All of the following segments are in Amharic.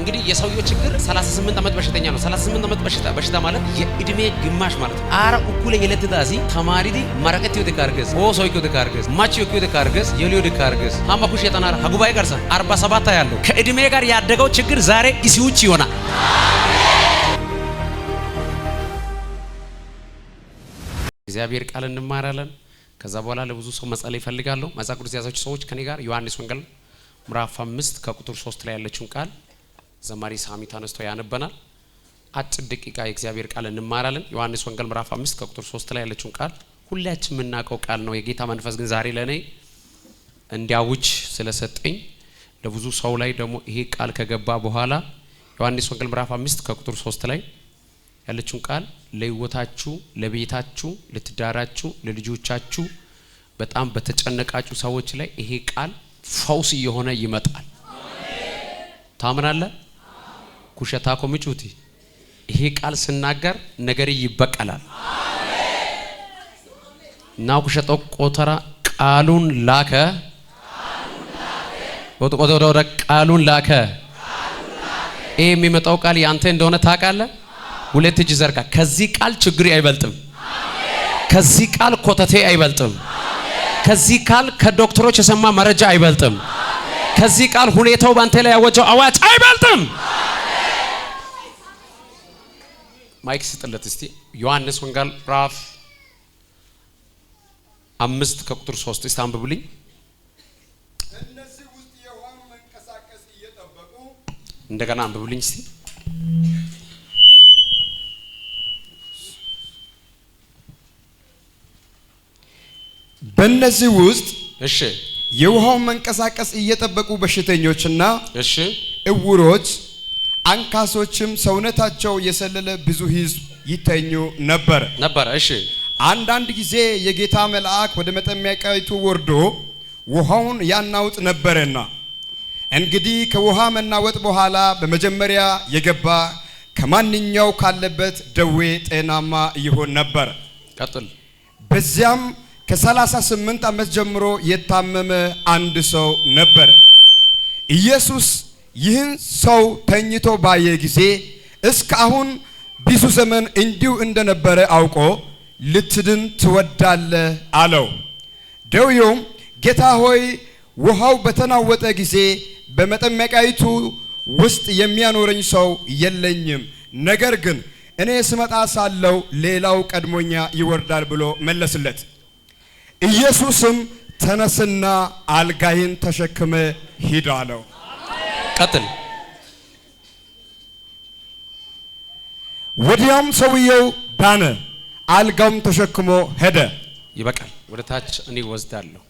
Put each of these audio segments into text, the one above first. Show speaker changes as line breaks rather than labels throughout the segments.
እንግዲህ የሰውየው ችግር 38 ዓመት በሽተኛ ነው። 38 ዓመት በሽታ በሽታ ማለት የእድሜ ግማሽ ማለት ነው። አረ እኩለ የለትዳዚ ተማሪ ዲ ማረቀት ይወደ ካርገዝ ኦ ሰው ይወት ካርገስ ማች ይወት ካርገስ የሉ ይወት ካርገስ ሀማ ኩሽ የጠናር ጋር ጋርሳ 47 ያለው ከእድሜ ጋር ያደገው ችግር ዛሬ እዚህ ውጭ ይሆናል። እግዚአብሔር ቃል እንማራለን። ከዛ በኋላ ለብዙ ሰው መጸለይ ይፈልጋለሁ። መጽሐፍ ቅዱስ የያዛችሁ ሰዎች ከኔ ጋር ዮሐንስ ወንጌል ምዕራፍ 5 ከቁጥር 3 ላይ ያለችውን ቃል ዘማሪ ሳሚ ተነስቶ ያነበናል። አጭር ደቂቃ የእግዚአብሔር ቃል እንማራለን። ዮሐንስ ወንጌል ምዕራፍ አምስት ከቁጥር ሶስት ላይ ያለችውን ቃል ሁላችን የምናውቀው ቃል ነው። የጌታ መንፈስ ግን ዛሬ ለእኔ እንዲያውጅ ስለሰጠኝ ለብዙ ሰው ላይ ደግሞ ይሄ ቃል ከገባ በኋላ ዮሐንስ ወንጌል ምዕራፍ አምስት ከቁጥር ሶስት ላይ ያለችውን ቃል ለህይወታችሁ፣ ለቤታችሁ፣ ለትዳራችሁ፣ ለልጆቻችሁ በጣም በተጨነቃችሁ ሰዎች ላይ ይሄ ቃል ፈውስ እየሆነ ይመጣል። ታምናለህ? ኩሸታ ምጩቲ ይሄ ቃል ስናገር ነገር ይበቀላል። እና ኩሸቶ ቆተራ ቃሉን ላከ ወደ ቃሉን ላከ። ይሄ የሚመጣው ቃል ያንተ እንደሆነ ታውቃለህ። ሁለት እጅ ዘርጋ። ከዚህ ቃል ችግሪ አይበልጥም። ከዚህ ቃል ኮተቴ አይበልጥም። ከዚህ ቃል ከዶክተሮች የሰማ መረጃ አይበልጥም። ከዚህ ቃል ሁኔታው ባንተ ላይ ያወጀው አዋጅ አይበልጥም። ማይክ ስጥለት እስቲ ዮሐንስ ወንጋል ራፍ አምስት ከቁጥር ሶስት እስቲ አንብብልኝ። እንደገና አንብብልኝ እስቲ
በእነዚህ ውስጥ እሺ የውሃውን መንቀሳቀስ እየጠበቁ በሽተኞችና እሺ እውሮች አንካሶችም ሰውነታቸው የሰለለ ብዙ ህዝብ ይተኙ ነበር ነበር። እሺ አንዳንድ ጊዜ የጌታ መልአክ ወደ መጠመቂያይቱ ወርዶ ውሃውን ያናውጥ ነበረና፣ እንግዲህ ከውሃ መናወጥ በኋላ በመጀመሪያ የገባ ከማንኛው ካለበት ደዌ ጤናማ ይሆን ነበር። ቀጥል። በዚያም ከ38 ዓመት ጀምሮ የታመመ አንድ ሰው ነበር። ኢየሱስ ይህን ሰው ተኝቶ ባየ ጊዜ እስካሁን ቢሱ ዘመን እንዲሁ እንደነበረ አውቆ ልትድን ትወዳለህ አለው። ደውየውም ጌታ ሆይ ውሃው በተናወጠ ጊዜ በመጠመቂያይቱ ውስጥ የሚያኖረኝ ሰው የለኝም፣ ነገር ግን እኔ ስመጣ ሳለው ሌላው ቀድሞኛ ይወርዳል ብሎ መለስለት። ኢየሱስም ተነስና አልጋይን ተሸክመ ሂድ አለው። ቀጥል። ወዲያውም ሰውየው ዳነ፣ አልጋውም ተሸክሞ ሄደ።
ይበቃል። ወደ ታች እኔ ወስዳለሁ።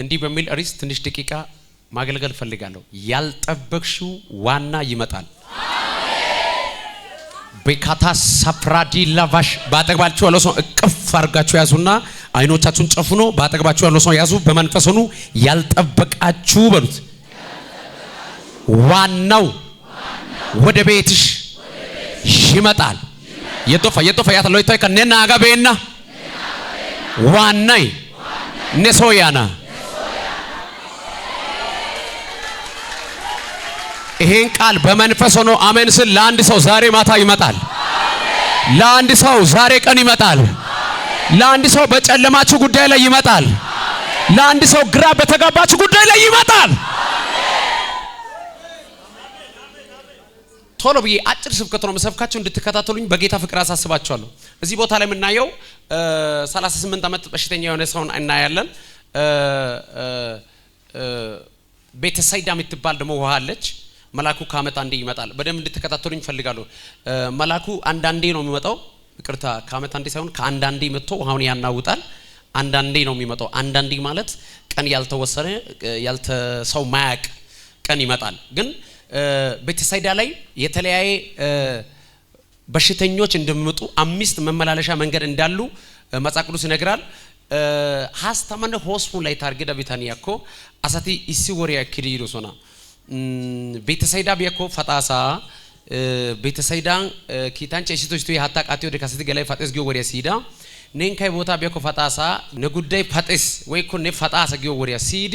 እንዲህ በሚል ርዕስ ትንሽ ደቂቃ ማገልገል እፈልጋለሁ ያልጠበቅሽው ዋና ይመጣል። ቤካታ ሳፕራዲ ላቫሽ በአጠገባችሁ ያለው ሰው እቅፍ አድርጋችሁ ያዙና አይኖቻችሁን ጨፍኖ በአጠገባችሁ ያለው ሰው ያዙ። በመንፈስ ያልጠበቃችሁ በሉት ዋናው ወደ ቤትሽ ይመጣል። የጦፈ የጦፈ ያታ ሎይቶ ከነና አጋቤና ዋናይ ነሶያና ይሄን ቃል በመንፈስ ሆኖ አሜን ስል ለአንድ ሰው ዛሬ ማታ ይመጣል። ለአንድ ሰው ዛሬ ቀን ይመጣል። ለአንድ ሰው በጨለማችሁ ጉዳይ ላይ ይመጣል። ለአንድ ሰው ግራ በተጋባችሁ ጉዳይ ላይ ይመጣል። ቶሎ ብዬ አጭር ስብከት ነው መሰብካቸው እንድትከታተሉኝ በጌታ ፍቅር አሳስባቸዋለሁ። እዚህ ቦታ ላይ የምናየው 38 ዓመት በሽተኛ የሆነ ሰውን እናያለን። ቤተሳይዳ የምትባል ደግሞ ውሃ አለች። መላኩ ከአመት አንዴ ይመጣል። በደንብ እንድትከታተሉኝ ይፈልጋሉ። መላኩ አንዳንዴ ነው የሚመጣው። ይቅርታ፣ ከአመት አንዴ ሳይሆን ከአንዳንዴ መጥቶ ውሃውን ያናውጣል። አንዳንዴ ነው የሚመጣው። አንዳንዴ ማለት ቀን ያልተወሰነ ያልተሰው ማያቅ ቀን ይመጣል ግን ቤተሳይዳ ላይ የተለያየ በሽተኞች እንደሚመጡ አምስት መመላለሻ መንገድ እንዳሉ መጽሐፍ ቅዱስ ይነግራል። ሀስተመነ ሆስፑን ላይ ታርጌዳ ቢታንያ እኮ አሳቲ ኢሲ ወሪያ ክድ ይዶሶና ቤተሳይዳ ቢያኮ ፈጣሳ ቤተሳይዳን ኪታን ጨሲቶች ሀታ ቃቴ ወደ ካሴት ገላይ ፈጤስ ጊዮ ወሪያ ሲዳ ኔንካይ ቦታ ቢያኮ ፈጣሳ ነጉዳይ ፈጤስ ወይኮ ኔ ፈጣሳ ጊዮ ወሪያ ሲዲ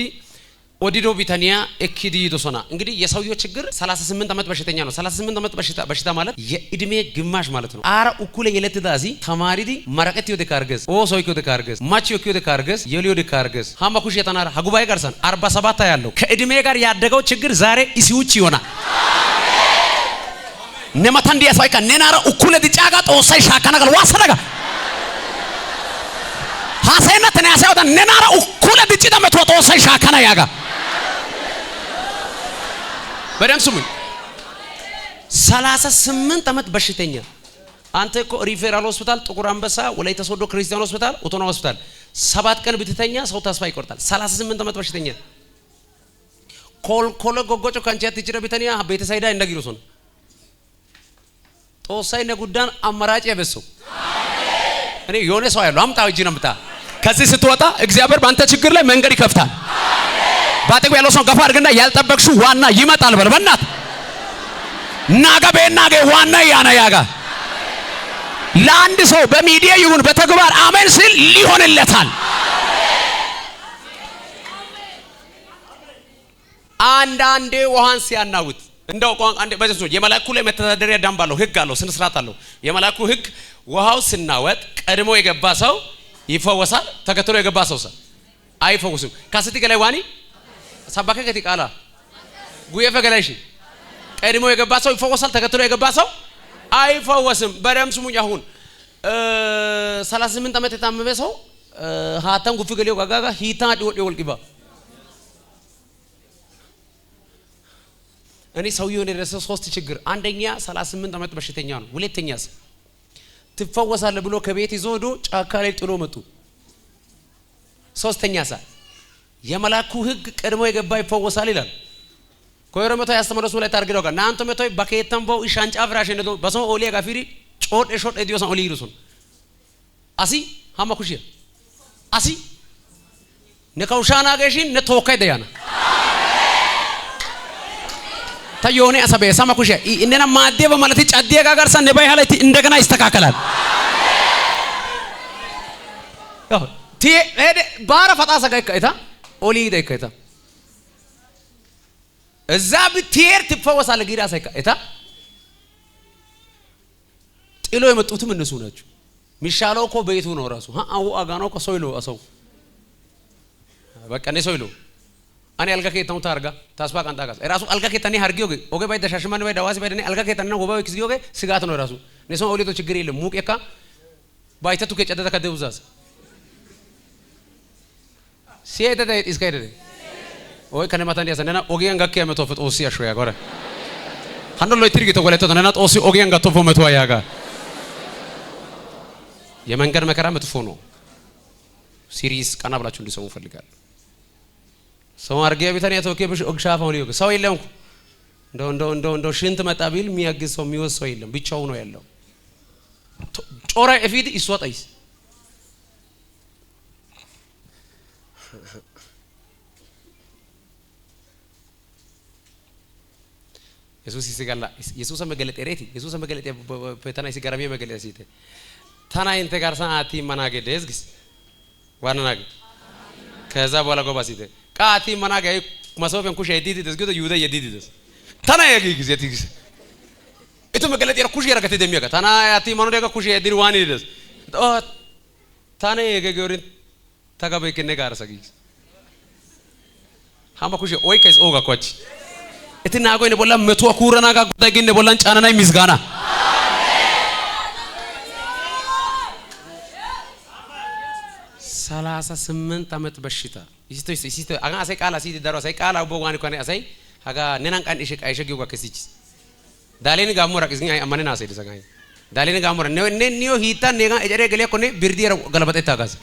ኦዲዶ ቢተንያ ኤኪድ ይዶሶና እንግዲህ የሰውየው ችግር 38 ዓመት በሽተኛ ነው። 38 ዓመት በሽታ በሽታ ማለት የእድሜ ግማሽ ማለት ነው። አረ እኩለ የለትዳዚ ተማሪዲ መረቀት ይወደ ካርገዝ ኦ ሰው ይወደ ካርገዝ ማች ይወደ ካርገዝ የሊ ወደ ካርገዝ ሀማ ኩሽ የተናራ ሀጉባኤ ጋርሰን 47 ያለው ከእድሜ ጋር ያደገው ችግር ዛሬ ኢሲውጭ ይሆናል። ነመታን ዲያሳይካ ነናራ እኩለ ዲጫጋ ጦሳይ ሻካናጋል ዋሰረጋ ሀሰይነት ነያሳይወታ ነናራ እኩለ ዲጭ ደመቶ ጦሳይ ሻካና ያጋ በደም ስሙኝ። ሰላሳ ስምንት ዓመት በሽተኛ አንተ እኮ ሪፌራል ሆስፒታል፣ ጥቁር አንበሳ፣ ወላይታ ሶዶ ክርስቲያን ሆስፒታል፣ ኦቶና ሆስፒታል ሰባት ቀን ብትተኛ ሰው ተስፋ ይቆርጣል። 38 ዓመት በሽተኛ ኮልኮሎ ጎጎጮ ካንቺ አትችረ ቢተኛ ቤተሰይዳ እንደጊሩ ሶን ጦሳይ ነጉዳን አማራጭ ያበሱ እኔ የሆነ ሰው ያለው አምጣው እጅ ነው ምጣ። ከዚህ ስትወጣ እግዚአብሔር በአንተ ችግር ላይ መንገድ ይከፍታል። አሜን። በአጠገብ ያለው ሰው ገፋ አድርግና ያልጠበቅሽው ዋና ይመጣል በል። በእናት ናገ በናገ ዋና ያና ያጋ ለአንድ ሰው በሚዲያ ይሁን በተግባር አሜን ሲል ሊሆንለታል። አንዳንዴ ውሃን ሲያናውት እንደው ቋንቋ አንዴ በዚህ ሰው የመላኩ ላይ መተዳደሪያ ደንብ አለው፣ ህግ አለው፣ ስነ ስርዓት አለው። የመላኩ ህግ ውሃው ስናወጥ ቀድሞ የገባ ሰው ይፈወሳል፣ ተከትሎ የገባ ሰው አይፈወስም። ካስቲ ገላይ ዋኒ ሰባከ ከቲ ቃላ ጉየ ፈገላሽ ቀድሞ የገባ ሰው ይፈወሳል። ተከትሎ የገባ ሰው አይፈወስም። በደም ስሙኝ። አሁን 38 ዓመት የታመመ ሰው ሀተን ጉፍ ገሌው ጋጋጋ ሂታ ዲወድ ወልቂባ እኔ ሰውየውን የደረሰ ሶስት ችግር፣ አንደኛ 38 ዓመት በሽተኛ ነው። ሁለተኛስ ትፈወሳለ ብሎ ከቤት ይዞ ዶ ጫካ ላይ ጥሎ መጡ። ሶስተኛ ሰዓት የመላኩ ህግ ቀድሞ የገባ ይፈወሳል ይላል። ኮሮ መቶ ያስተመረሱ ላይ ታርግ ዶጋ ናንቶ መቶ በከየተን በው ኢሻንጫ ፍራሽ ነዶ በሶ ኦሊያ ጋፊሪ ጮድ እሾድ እዲዮሳን ኦሊ ይሩሱን አሲ ሀማ ኩሽያ አሲ ነከውሻና ገሺን ነቶካይ ደያና ተዮኔ አሰበ ሰማ እንደና ማዴ በማለት ጫዲያ ጋር ሰነ ባይሃ እንደገና ይስተካከላል። አሜን ቲ ሄደ ባራ ፈጣ ሰጋይ ከይታ ኦሊሂደ እከታ እዛ ብትሄድ ትፈወሳለህ። ጌዳ ሳይካ እታ ጥሎ የመጡትም እነሱ ናቸው። ሚሻለው እኮ ቤቱ ነው ራሱ አው አጋኖ እኮ ሰው ይሎ ሰው በቃ እኔ ሰው ይሎ አኔ አልጋ ኬታው ታርጋ ታስፋ ቀንጣ ጋር ራሱ አልጋ ኬታኔ ሀርጊዮ ገ ኦገ ባይ ደሻሽማን ባይ ዳዋስ ባይ ደኔ አልጋ ነው ወባው ኪዝጊዮ ገ ስጋት ነው ራሱ ነሶ ኦሊቶ ችግር የለም ሙቅ የካ ባይተቱ ከጨደተ ከደብዛዝ siete ta'e xiskayidede oy kane matan diyasa nena ogiyan gakkiya metuwappe xoossi ashsho yaagore hanno loyttidi gito golettoto nena xoossi ogiyan gattofo metuwa yaaga የመንገድ መከራ መጥፎ ነው። ሲሪስ ቀና ብላችሁ እንዲሰሙ እፈልጋለሁ። ሰው አርጌ ቤተን ያተወኬ ብሽ ኦግሻፋ ሆነ ይወቅ ሰው የለም እኮ እንደው እንደው እንደው እንደው ሽንት መጣ ቢል የሚያግዝ ሰው የሚወዝ ሰው የለም፣ ብቻው ነው ያለው። ጮራ ኤፊድ ይስወጠይስ yesus isigalla yesusa megalexe reeti yesusa megalexe tana isi garame megalexisiite tana inte garsan aati immanage dees gis waananage ከዛ በኋላ ጎባ ሲተ ቃቲ መናገ መሶፍን ኩሽ የዲት ደስ ግዶ ይሁዳ የዲት ደስ ታና የጊ ጊዜ ቲግስ እቱ መገለጥ የራ ኩሽ የረከተ ደሚያጋ ታና ያቲ መኖ ደጋ ኩሽ የዲር ዋኒ ደስ ታና የገ ገሪን Nataka we kinegara sagis. Hama kushe oika is oga koch. Eti nago ine bolla metuwa kura naga guda gine bolla nchana na imizgana. ሰላሳ ስምንት ዓመት በሽታ አጋ አሰይ ቃላ ሲት ዳሮ አሰይ ቃላ ቦ ዋን ኮነ አሰይ አጋ ነናን ቃን እሺ ቃይሽ ጊው ጋከሲች ዳሌን ጋሞ ራቅስ ግን አማነን አሰይ ደሰጋኝ ዳሌን ጋሞ ነው ኔ ኒዮ ሂታ ኔጋ እጀሬ ገሌ ኮኔ ቢርዲ ገለበጠ ታጋዝ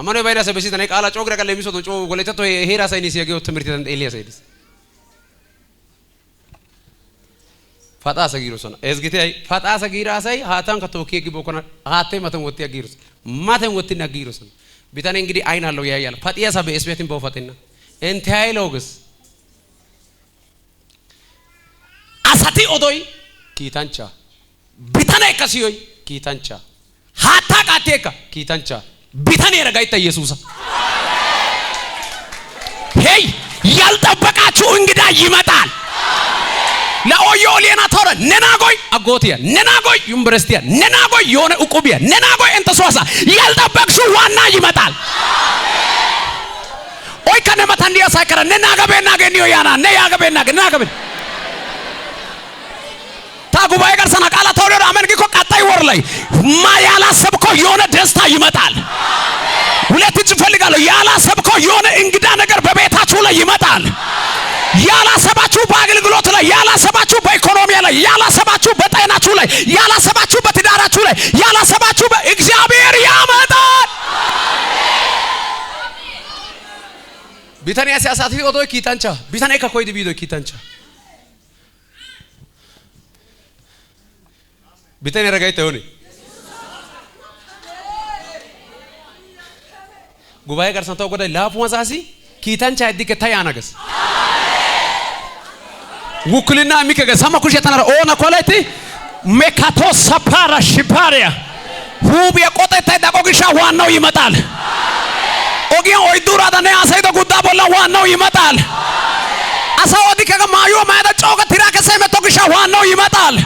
ammanoy baynasay bessita ne qaalaa coo gira qalle leemisoto coo wolaytatto heeraa saynis yagiyo timirtetan eelliya saydis faxaasa giirosona ezgite ay faxaasa giira asay haatanka tookki eggibokkona haattey maten wotti aggiirosona maten wottin aggiirosona bitane እንግዲህ አይን አለው ያያል ፈጥያሳ በስቤትን በውፈትና እንታይ ሎግስ አሳቲ ኦዶይ ኪታንቻ ቢታኔ ከሲዮይ ኪታንቻ ሃታ ቃቴካ ኪታንቻ ቢተን የረጋይታ ኢየሱስ ሄይ ያልጠበቃችሁ እንግዳ ይመጣል። ለኦዮ ለኦዮሌና ተረ ነናጎይ አጎትያ ነናጎይ ዩኒቨርሲቲያ ነናጎይ የሆነ እቁብያ ነናጎይ እንተሷሳ ያልጠበቅሽው ዋና ይመጣል። ኦይ ከነመታንዲያ ሳይከረ ነናገቤናገ ገኒዮ ያና ነያገቤናገ ነናገቤ ጉባኤ ጋር ሰና ቃላ ተወደ አመን ጊኮ ቀጣይ ወር ላይ ማ ያላሰብከው የሆነ ደስታ ይመጣል። ሁለት እጅ ፈልጋለሁ። ያላሰብከው የሆነ እንግዳ ነገር በቤታችሁ ላይ ይመጣል። ያላሰባችሁ በአገልግሎት ላይ ያላሰባችሁ በኢኮኖሚ ላይ ያላሰባችሁ በጤናችሁ ላይ ያላሰባችሁ በትዳራችሁ ላይ ያላሰባችሁ በእግዚአብሔር ያመጣል። ቢተንያ ሲያሳትፊ ኦቶ ኪታንቻ ቢተንያ ከኮይድ ቢዶ ኪታንቻ Bitanya ረጋይታ ይሆን ጉባኤ ጋር ሰንተው ጎዳይ ላፉ መዛሲ ኪታንቻ እድከ ታያናገስ ውክልና የሚከገ ሰማ ኩሽ የተናረ ኦና ኮላይቲ ሜካቶ ሰፓራ ሽፓሪያ ሁብ የቆጠ ታይ ዳቆግሻ ዋናው ይመጣል። ኦጊያን ኦይዱራ ዳነ አሳይቶ ጉዳ ቦላ ዋናው ይመጣል። አሳ ኦዲከ ማዮ ማያዳ ጮቀ ትራከ ሰመቶ ግሻ ዋናው ይመጣል።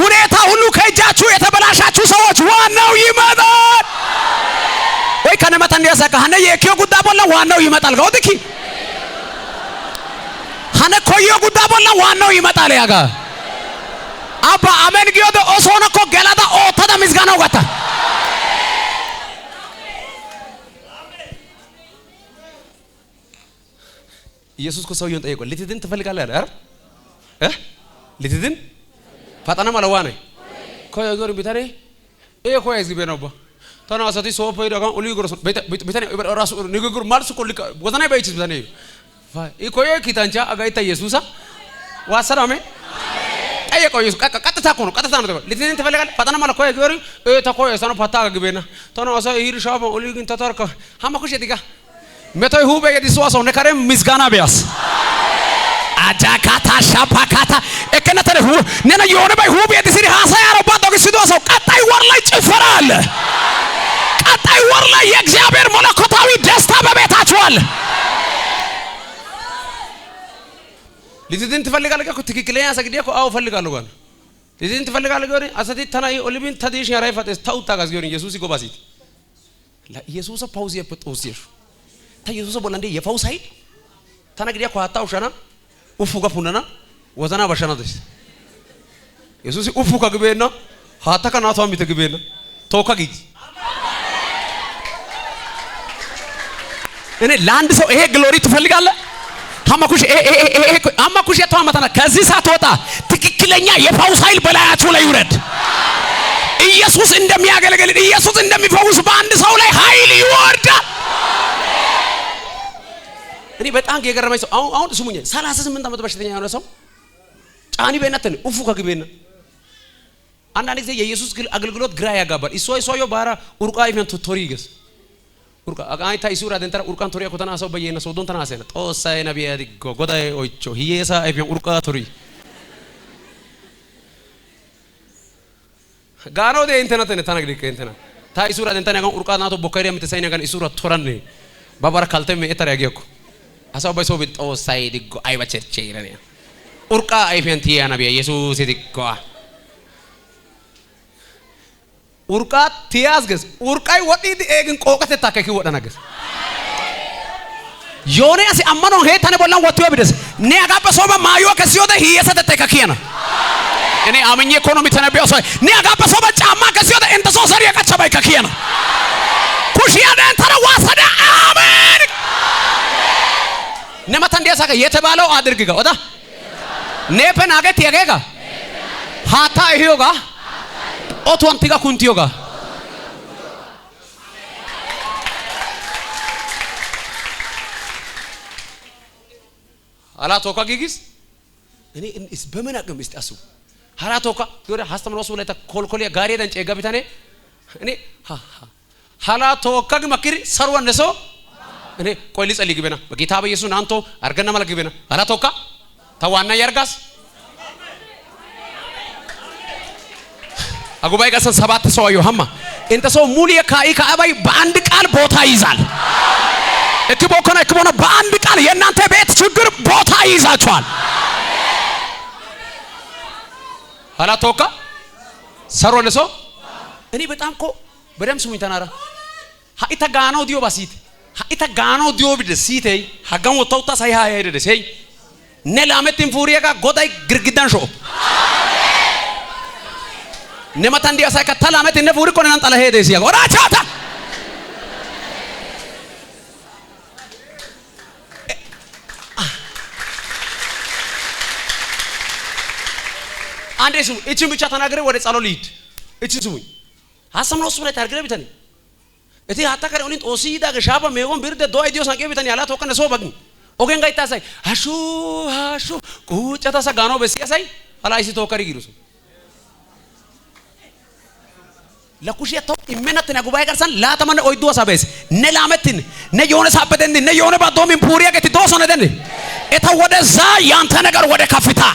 ሁኔታ ሁሉ ከእጃችሁ የተበላሻችሁ ሰዎች ዋናው ይመጣል ወይ ከነመተ እንዲያሰካ ሀነ የኪዮ ጉዳ ቦላ ዋናው ይመጣል ጋውድኪ ሀነ ኮዮ ጉዳ ቦላ ዋናው ይመጣል ያጋ አባ አሜን ጊዮደ ኦሶነ ኮ ገላዳ ኦተዳ ምስጋናው ጋታ ኢየሱስ ኮ ሰውየውን ጠየቀው ልትድን ትፈልጋለህ አይደል እ ልትድን ፈጠነመለ ዋነ koyagor bitane ee koyagzi ba tana asati sooppe yidagan oli gorson bitane rasu nigigor malsu kolli wozanay bayichis bitane i koyoy kitancha agayta yesusa waassaname no ኢየሱስ ቀ ቀጥታ እኮ ነው ቀጥታ ነው ልትነን ትፈልጋል ፈጠና ማለት ኮይ ገሪ እይ ተኮ የሰነ ፈታ ግቤና ተኖ አሰ ይር ሻቦ ኦሊግን ተታርከ ሀማ ኩሽ ዲጋ መቶይ ሁበ የዲስዋሶ ነከረም ምስጋና ቢያስ ራጃካታ ሻፓካታ እከነተነ ሁ ነነ የሆነ ባይ ሁ ቤት ሲሪ ሀሳ ያረባት ወግ ሲዶ ሰው ቀጣይ ወር ላይ ጭፈራ አለ። ቀጣይ ወር ላይ የእግዚአብሔር መለኮታዊ ደስታ በቤታችሁ አለ። ልጅትን ትፈልጋለህ እኮ ትክክለኛ ሰግዴ እኮ አዎ እፈልጋለሁ ጋር ልጅትን ትፈልጋለህ ጋር አሰቲ ተናይ ኦሊቢን ተዲሽ ያራይ ፈጠስ ታውታ ጋር ሲሆን ኢየሱስ ይጎባሲት ለኢየሱስ ፓውዝ የፈጠው ሲሽ ተኢየሱስ ቦላንዴ የፈውሳይ ተነግዲያ እኮ አታውሻና ufuga funana wozana bashshana des yesuusi ufuka gibeenna haatta kanaa to'a mite gibeenna tookka ጊጅ እኔ ለአንድ ሰው ይሄ ግሎሪ ትፈልጋለህ? አማ ኩሽ የተዋመተና ከዚህ ሰዓት ትክክለኛ የፈውስ ኃይል በላያችሁ ላይ ይውረድ። ኢየሱስ እንደሚያገለግል ኢየሱስ እንደሚፈውስ በአንድ ሰው ላይ ኃይል ይወርዳል። እኔ በጣም የገረመኝ ሰው አሁን አሁን ስሙኝ፣ 38 ዓመት በሽተኛ የሆነ ሰው ጫኒ በእናትህ ኡፉ ከግቤና አንዳንድ ጊዜ የኢየሱስ አገልግሎት ግራ ያጋባል። እሶ እሶዮ ባራ ኡርቃ ይፈን ቶሪ ይገስ ኡርቃ አቃይ ታይ ሱራ ደንተራ ኡርቃን ቶሪ ኮተና ሰው በየነ ሰው ዶንተና ሰነ ጦሳይ ነቢያ ዲጎ ጎዳይ ኦቾ ሂየሳ አይፈን ኡርቃ ቶሪ ጋኖ ደ እንተና ተነ ታናግሪ ከእንተና ታይ ሱራ ደንተና ጋን ኡርቃ ናቶ ቦከሪያ ምተሳይና ጋን ሱራ ቶራን ባባራ ካልተም እተራ ያገኩ አሳው በሰው ቢጦሳይ ድጎ አይበቸቼ ይለኔ ኡርቃ አይፈንቲ ያነብ ኢየሱስ ይድጓ ኡርቃ ቲያስ ገስ ኡርቃይ ወዲ ኤግን ቆቀተ ታከኪ ወደና ገስ ዮኔ አሲ አመኖ ሄታነ ቦላን ወጥዮ ቢደስ ኔ አጋበ ሶማ ማዮ ከሲዮተ ሂየሰተ ተከኪያና እኔ አምኜ እኮ ነው የሚተነበየው። ሰው እኔ አጋበሰው በጫማ ከሲወደ እንተ ሰው ሰሪ የቀቸበይ ከክየ ነው ኩሽያደን ተረዋሰደ አሜን ነመታ እንዲያሳከ የተባለው አድርግጋ ወጣ ኔፈን አገት ያገጋ ሃታ ይሁጋ ኦቷን ትጋ ኩንቲዮጋ አላቶካ ጊጊስ እኔ በምን አቅም እስቲ አስቡ ሀላቶካ ዶረ ሀስተምሮ ሱ ለታ ኮልኮሊያ ጋሬ ደንጨ ጋ ቢታኔ እኔ ሃ ሃ ሀላቶካ ግመክሪ ሰርወን ለሰው እኔ ቆይ ሊጸልይ ግቤና በጌታ በኢየሱስ አንቶ አርገና ማለት ግቤና አላቶካ ተዋና ያርጋስ አጉባኤ ቀሰን ሰባት ሰው አዩ ሀማ እንተ ሰው ሙሉ የካኢ ካባይ በአንድ ቃል ቦታ ይዛል እክቦ ከነ እክቦ ነው። በአንድ ቃል የእናንተ ቤት ችግር ቦታ ይይዛችኋል። አላቶካ ሰሮ ለሰው እኔ በጣም ኮ በደም ስሙኝ ተናራ ሀኢተ ተጋናው ዲዮ ባሲት ha'i ta gaanawu diyo bide siitee haggan wottawu tas ha'i haaya eredes hey ne laamettin puuriyaagaa goday girgiddan sho'o ne matan diya asaykka ta laamettin ne puurikko nenan xalahee dees yaaga oraa chaata አንዴ ስሙ። እችን ብቻ ተናግሬ ወደ ጸሎት ልሂድ። እችን ስሙኝ። ሀሳብ ነው እሱ ላይ ታርግሬ ብተን ඉතින් හත කරේ උනින් ඔසීදාගේ ශාප මේගොන් බිරුද්ධ දොයි දියෝසන් කේවිතනි අලත් ඔකන සෝබග්නි ඔගෙන් ගයිතාසයි හෂු හෂු කූචතස ගානෝ බෙසියසයි අලයිසි තෝකරි ගිරුසු ලකුෂිය තෝ ඉම්මෙනත් නේ ගුබය කරසන් ලා තමන ඔයි දුව සබේස් නේ ලාමෙතින් නේ යෝන සබෙදෙන්දි නේ යෝන බා දෝමින් පූරියගෙති දෝසොන දෙන්නේ එතව වඩ සා යන්තන කර වඩ කෆිතා